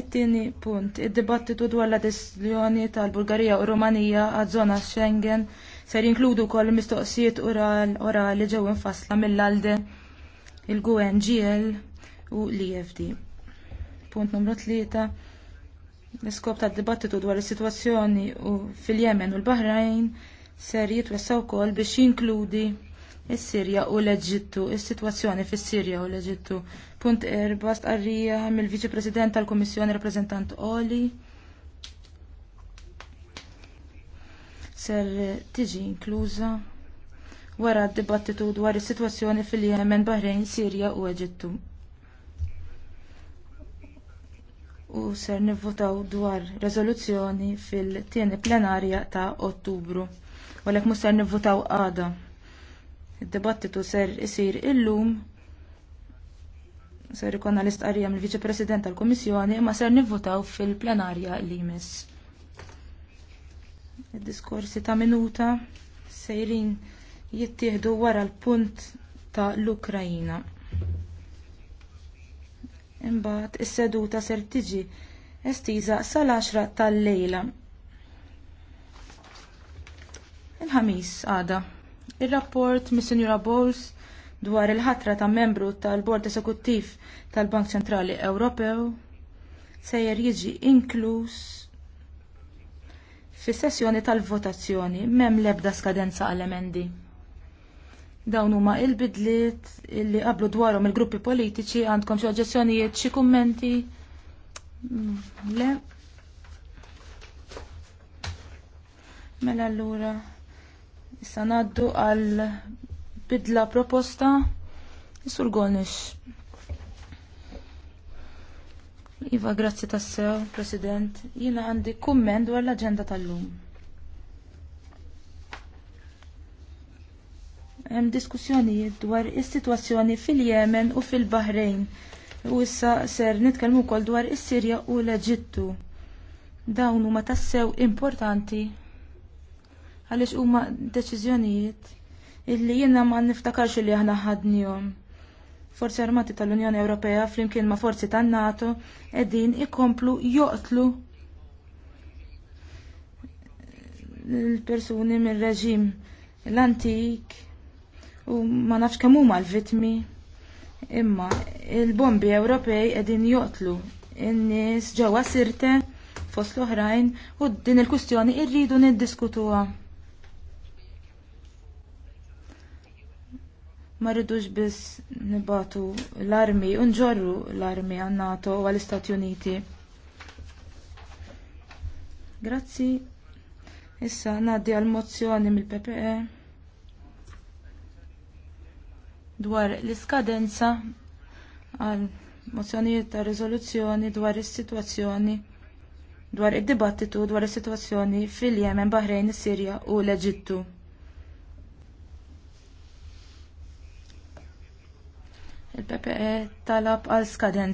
It-tieni punt, id-dibattitu dwar l-adesjoni tal-Bulgarija u Rumanija għaż-żona Schengen ser jinkludu wkoll mistoqsijiet orali ġew infassla mill-ALDE, il-GUNGL u l-IFD. Punt numru tlieta, l-iskop tad-dibattitu dwar is-sitwazzjoni fil-Jemen u l-Bahrajn ser jitwessaw kol biex jinkludi is-Sirja u l-Eġittu, is-sitwazzjoni fis-Sirja u l-Eġittu. Punt erba stqarrija mill-Viċi President tal-Kummissjoni Rappreżentant Oli. Ser tiġi inkluża wara d-dibattitu dwar is-sitwazzjoni fil jemen Bahrejn, Sirja u Eġittu. U ser nivvotaw dwar rezoluzzjoni fil-tieni plenarja ta' Ottubru. Walek ser nivvotaw għada. Id-dibattitu ser isir illum ser ikonna l-istqarrija mill viċi President tal-Komissjoni ma ser nivvotaw fil-plenarja li jmiss. Id-diskorsi ta' minuta sejrin jittieħdu wara l-punt ta' l-Ukrajina. Imbagħad is-seduta ser tiġi estiża sal-10 tal-lejla. Il-ħamis għada. Il-rapport mis-Sinjura Bowles dwar il-ħatra ta' membru tal-Bord Esekuttiv tal-Bank Ċentrali Ewropew sejjer jiġi inkluż fis sessjoni tal-votazzjoni mem l-ebda skadenza għall emendi Dawn huma il-bidliet illi qablu dwarhom il-gruppi politiċi għandkom xi oġġezzjonijiet xi kummenti. Mm, le. Mela allura Issa naddu għal bidla proposta Isur Golnix. Iva, grazzi tassew, President. Jina għandi kumment dwar l-agenda tal-lum. Hemm diskussjonijiet dwar is-sitwazzjoni fil-Jemen u fil-Bahrejn. U issa ser nitkellmu wkoll dwar is-Sirja u l-Eġittu. Dawn huma tassew importanti għaliex huma deċiżjonijiet illi jiena ma niftakarx li aħna ħadnihom. Forzi Armati tal-Unjoni Ewropea flimkien ma' forzi tan-NATO qegħdin ikomplu joqtlu l-persuni mir-reġim l-antik u ma nafx kemm huma l-vittmi imma il-bombi Ewropej qegħdin joqtlu in-nies ġewwa sirte fost l-oħrajn u din il-kustjoni irridu niddiskutuha. ma rridux biss nibatu l-armi, u nġorru l-armi għan NATO u għall-Istati Uniti. Grazzi. Issa ngħaddi għall mozzjoni mill-PPE dwar l-iskadenza għal mozzjonijiet ta' riżoluzzjoni dwar is-sitwazzjoni dwar id-dibattitu dwar is-sitwazzjoni fil-Jemen, Bahrejn, is-Sirja u l-Eġittu. il-PPE talab għal skadenza.